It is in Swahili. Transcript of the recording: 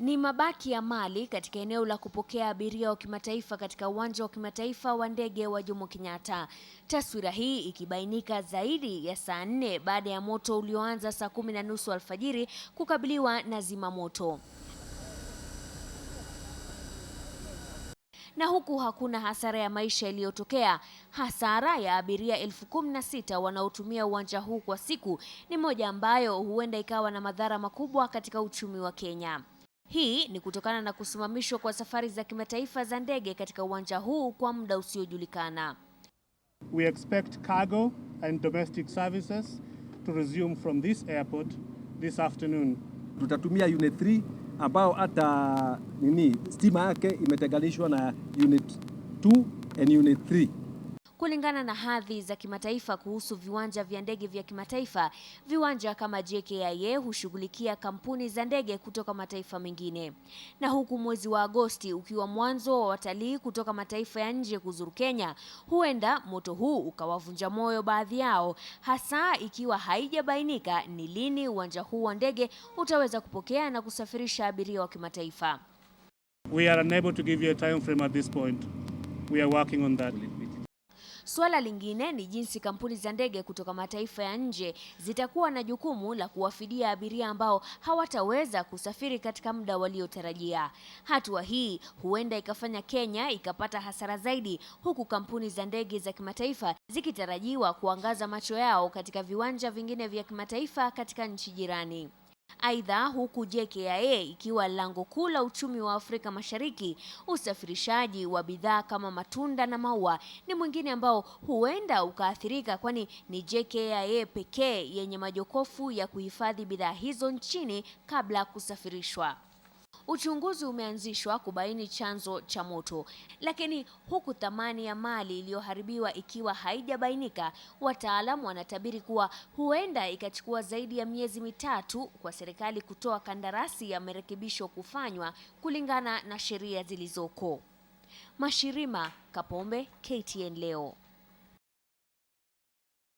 Ni mabaki ya mali katika eneo la kupokea abiria wa kimataifa katika uwanja wa kimataifa wa ndege wa Jomo Kenyatta. Taswira hii ikibainika zaidi ya saa nne baada ya moto ulioanza saa kumi na nusu alfajiri kukabiliwa na zimamoto. na huku hakuna hasara ya maisha iliyotokea. Hasara ya abiria elfu kumi na sita wanaotumia uwanja huu kwa siku ni moja ambayo huenda ikawa na madhara makubwa katika uchumi wa Kenya. Hii ni kutokana na kusimamishwa kwa safari za kimataifa za ndege katika uwanja huu kwa muda usiojulikana. We expect cargo and domestic services to resume from this airport this afternoon. Tutatumia unit 3 ambao hata nini stima yake imetenganishwa na unit 2 and unit 3 kulingana na hadhi za kimataifa kuhusu viwanja vya ndege vya kimataifa. Viwanja kama JKIA hushughulikia kampuni za ndege kutoka mataifa mengine, na huku mwezi wa Agosti ukiwa mwanzo wa watalii kutoka mataifa ya nje kuzuru Kenya, huenda moto huu ukawavunja moyo baadhi yao, hasa ikiwa haijabainika ni lini uwanja huu wa ndege utaweza kupokea na kusafirisha abiria wa kimataifa. We are unable to give you a time frame at this point. We are working on that. Suala lingine ni jinsi kampuni za ndege kutoka mataifa ya nje zitakuwa na jukumu la kuwafidia abiria ambao hawataweza kusafiri katika muda waliotarajia. Hatua hii huenda ikafanya Kenya ikapata hasara zaidi, huku kampuni za ndege za kimataifa zikitarajiwa kuangaza macho yao katika viwanja vingine vya kimataifa katika nchi jirani. Aidha, huku JKIA ikiwa lango kuu la uchumi wa Afrika Mashariki, usafirishaji wa bidhaa kama matunda na maua ni mwingine ambao huenda ukaathirika, kwani ni JKIA pekee yenye majokofu ya kuhifadhi bidhaa hizo nchini kabla kusafirishwa. Uchunguzi umeanzishwa kubaini chanzo cha moto, lakini huku thamani ya mali iliyoharibiwa ikiwa haijabainika, wataalamu wanatabiri kuwa huenda ikachukua zaidi ya miezi mitatu kwa serikali kutoa kandarasi ya marekebisho kufanywa kulingana na sheria zilizoko. Mashirima Kapombe, KTN leo.